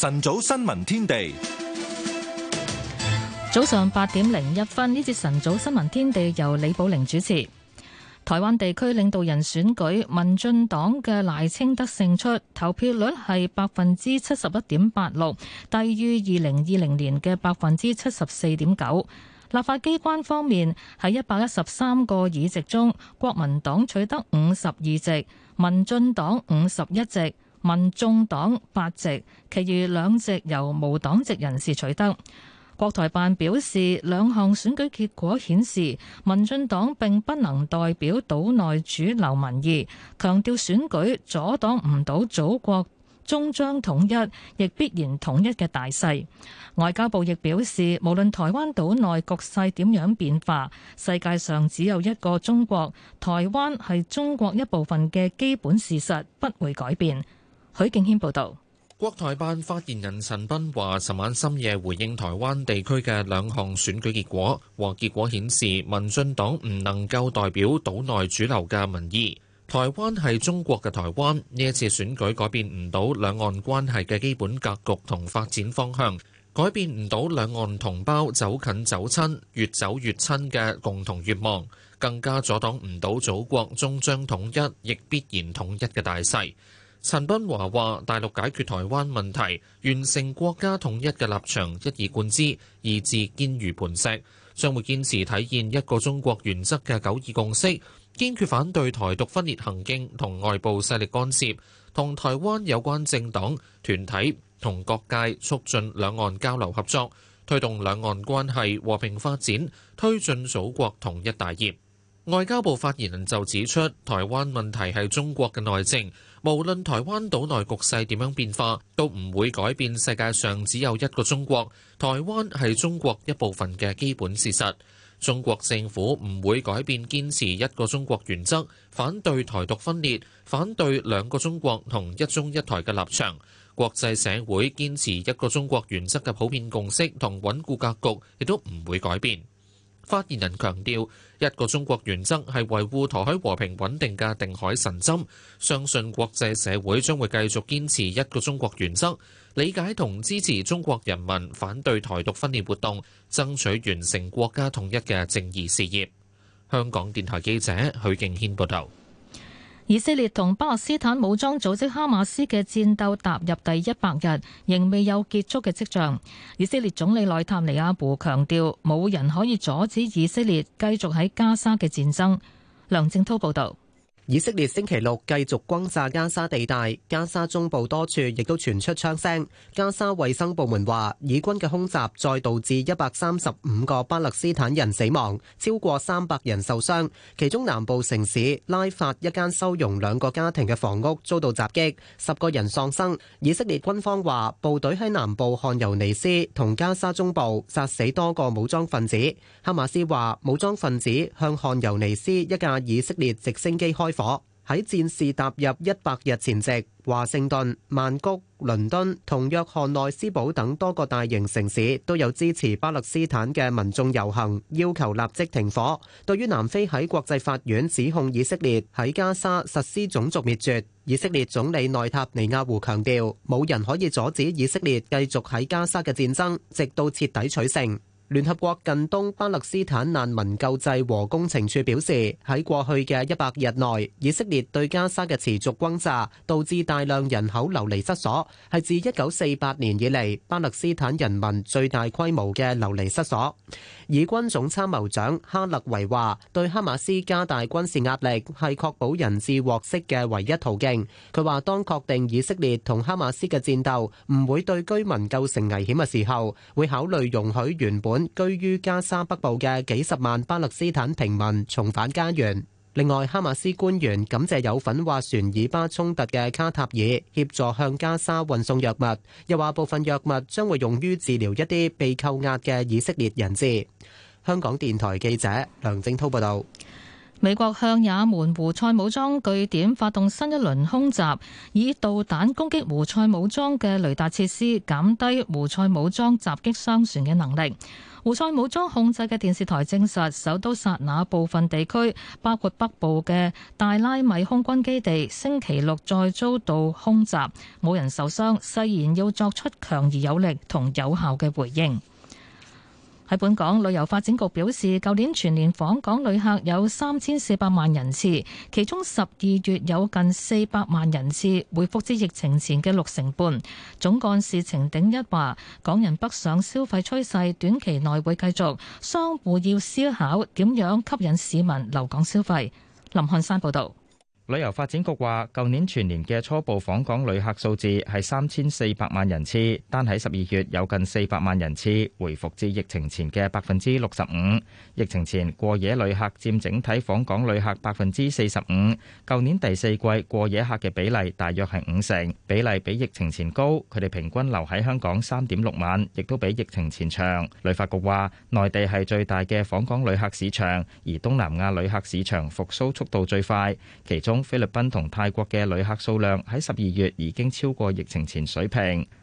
晨早新聞天地，早上八點零一分，呢節晨早新聞天地由李寶玲主持。台灣地區領導人選舉，民進黨嘅賴清德勝出，投票率係百分之七十一點八六，低於二零二零年嘅百分之七十四點九。立法機關方面，喺一百一十三個議席中，國民黨取得五十二席，民進黨五十一席。民眾黨八席，其餘兩席由無黨籍人士取得。國台辦表示，兩項選舉結果顯示，民進黨並不能代表島內主流民意，強調選舉阻擋唔到祖國終將統一，亦必然統一嘅大勢。外交部亦表示，無論台灣島內局勢點樣變化，世界上只有一個中國，台灣係中國一部分嘅基本事實不會改變。許敬軒報道，國台辦發言人陳斌華話，尋晚深夜回應台灣地區嘅兩項選舉結果，和結果顯示，民進黨唔能夠代表島內主流嘅民意。台灣係中國嘅台灣，呢一次選舉改變唔到兩岸關係嘅基本格局同發展方向，改變唔到兩岸同胞走近走親、越走越親嘅共同願望，更加阻擋唔到祖國終將統一、亦必然統一嘅大勢。陳斌華話：大陸解決台灣問題、完成國家統一嘅立場，一以貫之，意志堅如磐石，將會堅持體現一個中國原則嘅九二共識，堅決反對台獨分裂行徑同外部勢力干涉，同台灣有關政黨、團體同各界促進兩岸交流合作，推動兩岸關係和平發展，推進祖國統一大業。外交部發言人就指出，台灣問題係中國嘅內政。無論台灣島內局勢點樣變化，都唔會改變世界上只有一個中國，台灣係中國一部分嘅基本事實。中國政府唔會改變堅持一個中國原則，反對台獨分裂，反對兩個中國同一中一台嘅立場。國際社會堅持一個中國原則嘅普遍共識同穩固格局，亦都唔會改變。發言人強調，一個中國原則係維護台海和平穩定嘅定海神針，相信國際社會將會繼續堅持一個中國原則，理解同支持中國人民反對台獨分裂活動，爭取完成國家統一嘅正義事業。香港電台記者許敬軒報道。以色列同巴勒斯坦武裝組織哈馬斯嘅戰鬥踏入第一百日，仍未有結束嘅跡象。以色列總理內塔尼亞胡強調，冇人可以阻止以色列繼續喺加沙嘅戰爭。梁正濤報道。以色列星期六繼續轟炸加沙地帶，加沙中部多處亦都傳出槍聲。加沙衛生部門話，以軍嘅空襲再導致一百三十五個巴勒斯坦人死亡，超過三百人受傷。其中南部城市拉法一間收容兩個家庭嘅房屋遭到襲擊，十個人喪生。以色列軍方話，部隊喺南部漢尤尼斯同加沙中部殺死多個武裝分子。哈馬斯話，武裝分子向漢尤尼斯一架以色列直升機開火。喺戰事踏入一百日前夕，華盛頓、曼谷、倫敦同約翰內斯堡等多個大型城市都有支持巴勒斯坦嘅民眾遊行，要求立即停火。對於南非喺國際法院指控以色列喺加沙實施種族滅絕，以色列總理內塔尼亞胡強調，冇人可以阻止以色列繼續喺加沙嘅戰爭，直到徹底取勝。聯合國近東巴勒斯坦難民救濟和工程處表示，喺過去嘅一百日內，以色列對加沙嘅持續轟炸導致大量人口流離失所，係自一九四八年以嚟巴勒斯坦人民最大規模嘅流離失所。以軍總參謀長哈勒維話，對哈馬斯加大軍事壓力係確保人質獲釋嘅唯一途徑。佢話，當確定以色列同哈馬斯嘅戰鬥唔會對居民構成危險嘅時候，會考慮容許原本居於加沙北部嘅幾十萬巴勒斯坦平民重返家園。另外，哈馬斯官員感謝有份斡旋以巴衝突嘅卡塔爾協助向加沙運送藥物，又話部分藥物將會用於治療一啲被扣押嘅以色列人質。香港電台記者梁正滔報道。美國向也門胡塞武裝據點發動新一輪空襲，以導彈攻擊胡塞武裝嘅雷達設施，減低胡塞武裝襲擊商船嘅能力。胡塞武裝控制嘅電視台證實，首都薩那部分地區，包括北部嘅大拉米空軍基地，星期六再遭到空襲，冇人受傷，誓言要作出強而有力同有效嘅回應。喺本港，旅遊發展局表示，舊年全年訪港旅客有三千四百萬人次，其中十二月有近四百萬人次，回復至疫情前嘅六成半。總幹事程鼎一話，港人北上消費趨勢短期內會繼續，商戶要思考點樣吸引市民留港消費。林漢山報導。旅遊發展局話舊年全年嘅初步訪港旅客數字係三千四百萬人次，單喺十二月有近四百萬人次，回復至疫情前嘅百分之六十五。疫情前過夜旅客佔整體訪港旅客百分之四十五，舊年第四季過夜客嘅比例大約係五成，比例比疫情前高。佢哋平均留喺香港三點六晚，亦都比疫情前長。旅發局話，內地係最大嘅訪港旅客市場，而東南亞旅客市場復蘇速度最快，其中菲律賓同泰國嘅旅客數量喺十二月已經超過疫情前水平。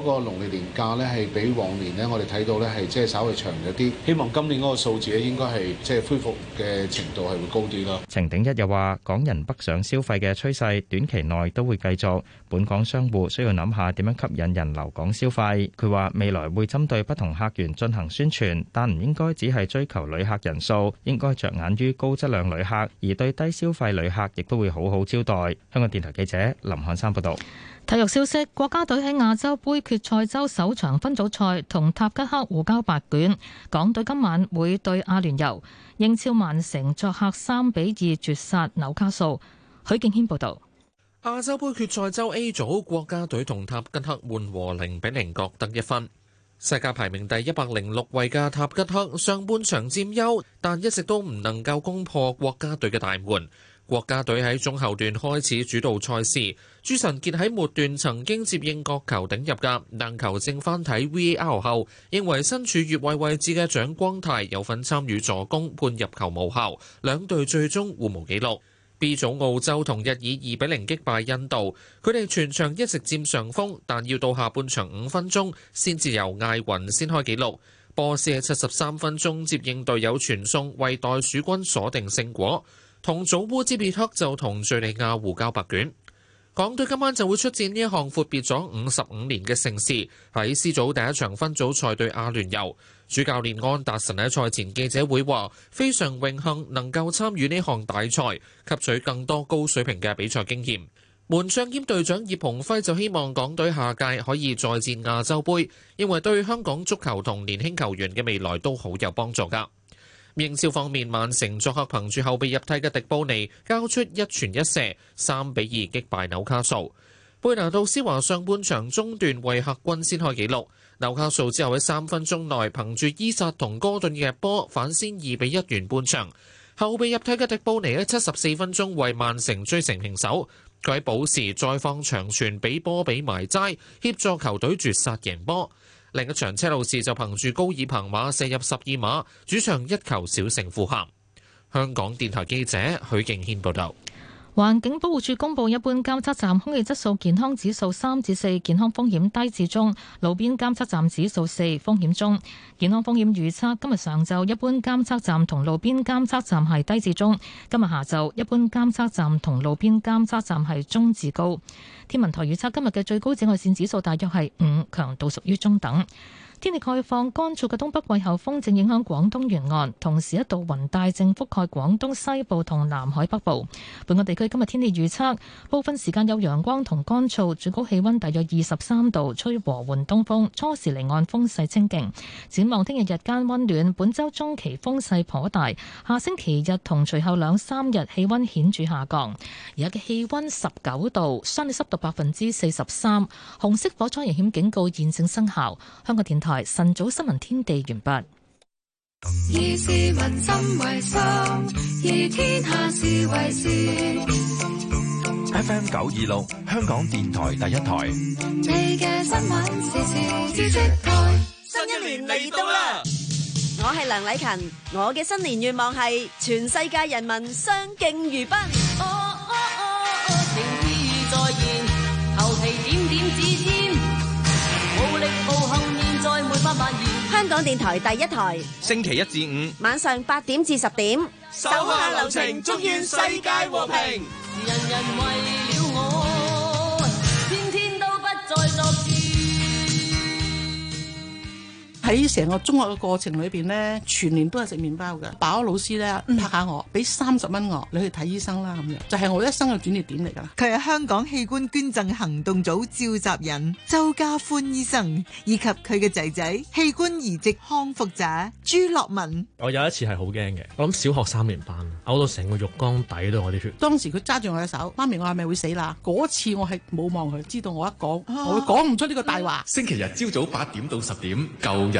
嗰個農曆年假呢，係比往年呢，我哋睇到呢係即係稍為長咗啲。希望今年嗰個數字呢，應該係即係恢復嘅程度係會高啲咯。程鼎一又話，港人北上消費嘅趨勢，短期內都會繼續。本港商戶需要諗下點樣吸引人流港消費。佢話未來會針對不同客源進行宣傳，但唔應該只係追求旅客人數，應該着眼於高質量旅客，而對低消費旅客亦都會好好招待。香港電台記者林漢山報道。體育消息：國家隊喺亞洲盃決賽周首場分組賽同塔吉克互交白卷。港隊今晚會對阿聯酋，英超曼城作客三比二絕殺紐卡素。許敬軒報道。亞洲盃決賽周 A 組，國家隊同塔吉克悶和零比零，各得一分。世界排名第一百零六位嘅塔吉克上半場佔優，但一直都唔能夠攻破國家隊嘅大門。國家隊喺中後段開始主導賽事，朱晨傑喺末段曾經接應角球頂入格，但球證翻睇 VAR 後，認為身處越位位置嘅蔣光泰有份參與助攻，判入球無效。兩隊最終互無紀錄。B 組澳洲同日以二比零擊敗印度，佢哋全場一直佔上風，但要到下半場五分鐘先至由艾雲先開紀錄。波斯喺七十三分鐘接應隊友傳送，為袋鼠軍鎖定勝果。同組烏茲別克就同敍利亞互交白卷。港隊今晚就會出戰呢一項闊別咗五十五年嘅盛事，喺 C 組第一場分組賽對阿聯酋。主教練安達臣喺賽前記者會話：非常榮幸能夠參與呢項大賽，吸取更多高水平嘅比賽經驗。門將兼隊長葉鴻輝就希望港隊下屆可以再戰亞洲盃，認為對香港足球同年輕球員嘅未來都好有幫助㗎。英超方面，曼城作客憑住後備入替嘅迪布尼交出一傳一射，三比二擊敗紐卡素。貝拿度施華上半場中段為客軍先開紀錄。紐卡素之後喺三分鐘內憑住伊薩同哥頓嘅波反先二比一完半場。後備入替嘅迪布尼喺七十四分鐘為曼城追成平手。佢喺補時再放長傳俾波比埋齋，協助球隊絕殺贏波。另一場車路士就憑住高爾憑馬射入十二碼，主場一球小勝富咸。香港電台記者許敬軒報導。環境保護署公布，一般監測站空氣質素健康指數三至四，健康風險低至中；路邊監測站指數四，風險中。健康風險預測今日上晝一般監測站同路邊監測站係低至中，今日下晝一般監測站同路邊監測站係中至高。天文台預測今日嘅最高紫外線指數大約係五，強度屬於中等。天氣概況，乾燥嘅東北季候風正影響廣東沿岸，同時一道雲帶正覆蓋廣東西部同南海北部。本港地區今日天，天氣預測，部分時間有陽光同乾燥，最高氣温大約二十三度，吹和緩東風，初時離岸風勢清勁。展望聽日日間温暖，本周中期風勢頗大，下星期日同隨後兩三日氣温顯著下降。而家嘅氣温十九度，相對濕度百分之四十三，紅色火災危險警告現正生效。香港電台。晨早新聞天地完畢。以市民心為心，以天下事為先。F M 九二六香港電台第一台。你嘅新聞時事知識台，新一年嚟到啦！我係梁禮勤，我嘅新年願望係全世界人民相敬如賓。香港電台第一台，星期一至五晚上八點至十點，手下留情，祝願世界和平，人人為了我，天天都不再作。喺成個中學嘅過程裏邊呢，全年都係食麵包嘅。飽老師呢，拍下、嗯、我，俾三十蚊我，你去睇醫生啦咁樣。就係、是、我一生嘅轉折點嚟噶。佢係香港器官捐贈行動組召集人周家歡醫生，以及佢嘅仔仔器官移植康復者朱樂文。我有一次係好驚嘅，我諗小學三年班，嘔到成個浴缸底都係我啲血。當時佢揸住我隻手，媽咪我係咪會死啦？嗰次我係冇望佢，知道我一講，我會講唔出呢個大話、啊嗯。星期日朝早八點到十點，舊日。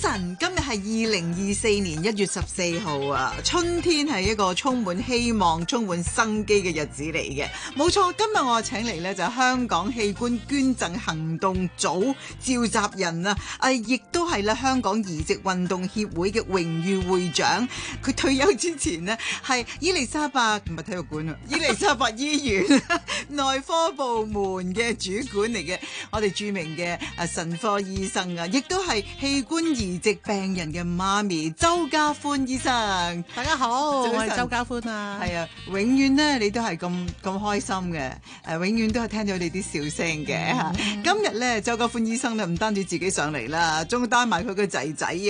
今日係二零二四年一月十四號啊！春天係一個充滿希望、充滿生機嘅日子嚟嘅，冇錯。今日我請嚟咧就係香港器官捐贈行動組召集人啊，誒，亦都係咧香港移植運動協會嘅榮譽會長。佢退休之前呢，係伊利沙伯唔係體育館啊， 伊利沙伯醫院內科部門嘅主管嚟嘅，我哋著名嘅誒神科醫生啊，亦都係器官移。只病人嘅媽咪周家歡醫生。大家好，早晨，我係周家歡啊。係啊，永遠咧你都係咁咁開心嘅，誒、啊，永遠都係聽到你啲笑聲嘅嚇。嗯嗯，今日咧，周家歡醫生咧唔單止自己上嚟啦，仲帶埋佢個仔仔啊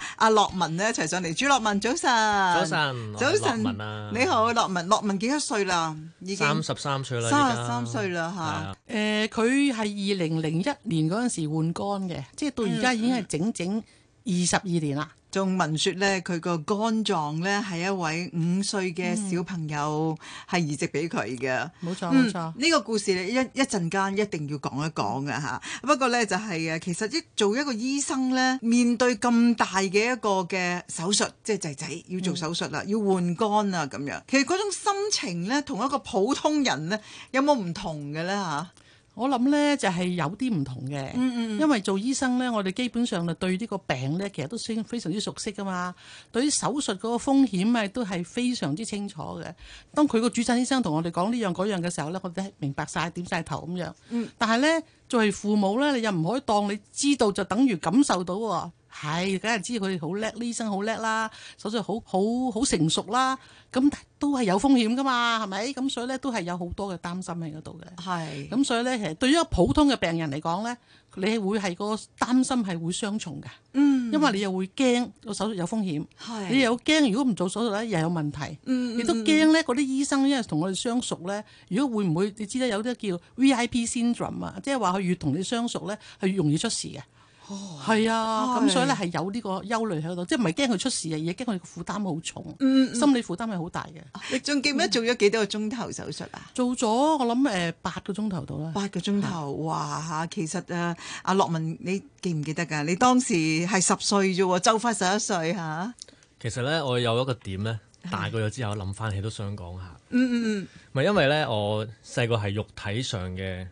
嚇，阿、啊、樂文咧一齊上嚟。朱樂文早晨，早晨，早晨，早晨文啊，早晨，你好，樂文，樂文幾多歲啦？已經三十三歲啦，三十三歲啦嚇。誒、啊，佢係二零零一年嗰陣時換肝嘅，即係到而家已經係整整。二十二年啦，仲文說咧佢個肝臟咧係一位五歲嘅小朋友係、嗯、移植俾佢嘅，冇錯冇錯。呢、嗯、錯個故事一一陣間一定要講一講嘅吓。不過咧就係、是、啊，其實一做一個醫生咧，面對咁大嘅一個嘅手術，即係仔仔要做手術啦，嗯、要換肝啊咁樣，其實嗰種心情咧，同一個普通人咧有冇唔同嘅咧吓？我諗咧就係有啲唔同嘅，嗯嗯、因為做醫生咧，我哋基本上就對呢個病咧，其實都算非常之熟悉噶嘛。對於手術嗰個風險，咪都係非常之清楚嘅。當佢個主診醫生同我哋講呢樣嗰樣嘅時候咧，我哋都係明白晒點晒頭咁樣。嗯、但係咧。作為父母咧，你又唔可以當你知道就等於感受到喎。哎，梗係知佢哋好叻，醫生好叻啦，手術好好好成熟啦。咁都係有風險噶嘛，係咪？咁所以咧都係有好多嘅擔心喺嗰度嘅。係。咁所以咧，其實對於一個普通嘅病人嚟講咧。你會係個擔心係會雙重嘅，嗯、因為你又會驚個手術有風險，係你又有驚如果唔做手術咧又有問題，你都驚咧嗰啲醫生因為同我哋相熟咧，如果會唔會你知得有啲叫 VIP syndrome 啊，即係話佢越同你相熟咧，係越容易出事嘅。係、哦、啊，咁、嗯、所以咧係有呢個憂慮喺度，是即係唔係驚佢出事啊，而係驚佢負擔好重，嗯、心理負擔係好大嘅。你仲記唔記得做咗幾多個鐘頭手術啊、嗯？做咗我諗誒八個鐘頭到啦。八個鐘頭是哇吓，其實誒阿樂文，你記唔記得噶？你當時係十歲啫，就快十一歲吓。啊、其實咧，我有一個點咧，大個咗之後諗翻唉起都想講下。嗯嗯，嗯，咪因為咧我細個係肉體上嘅。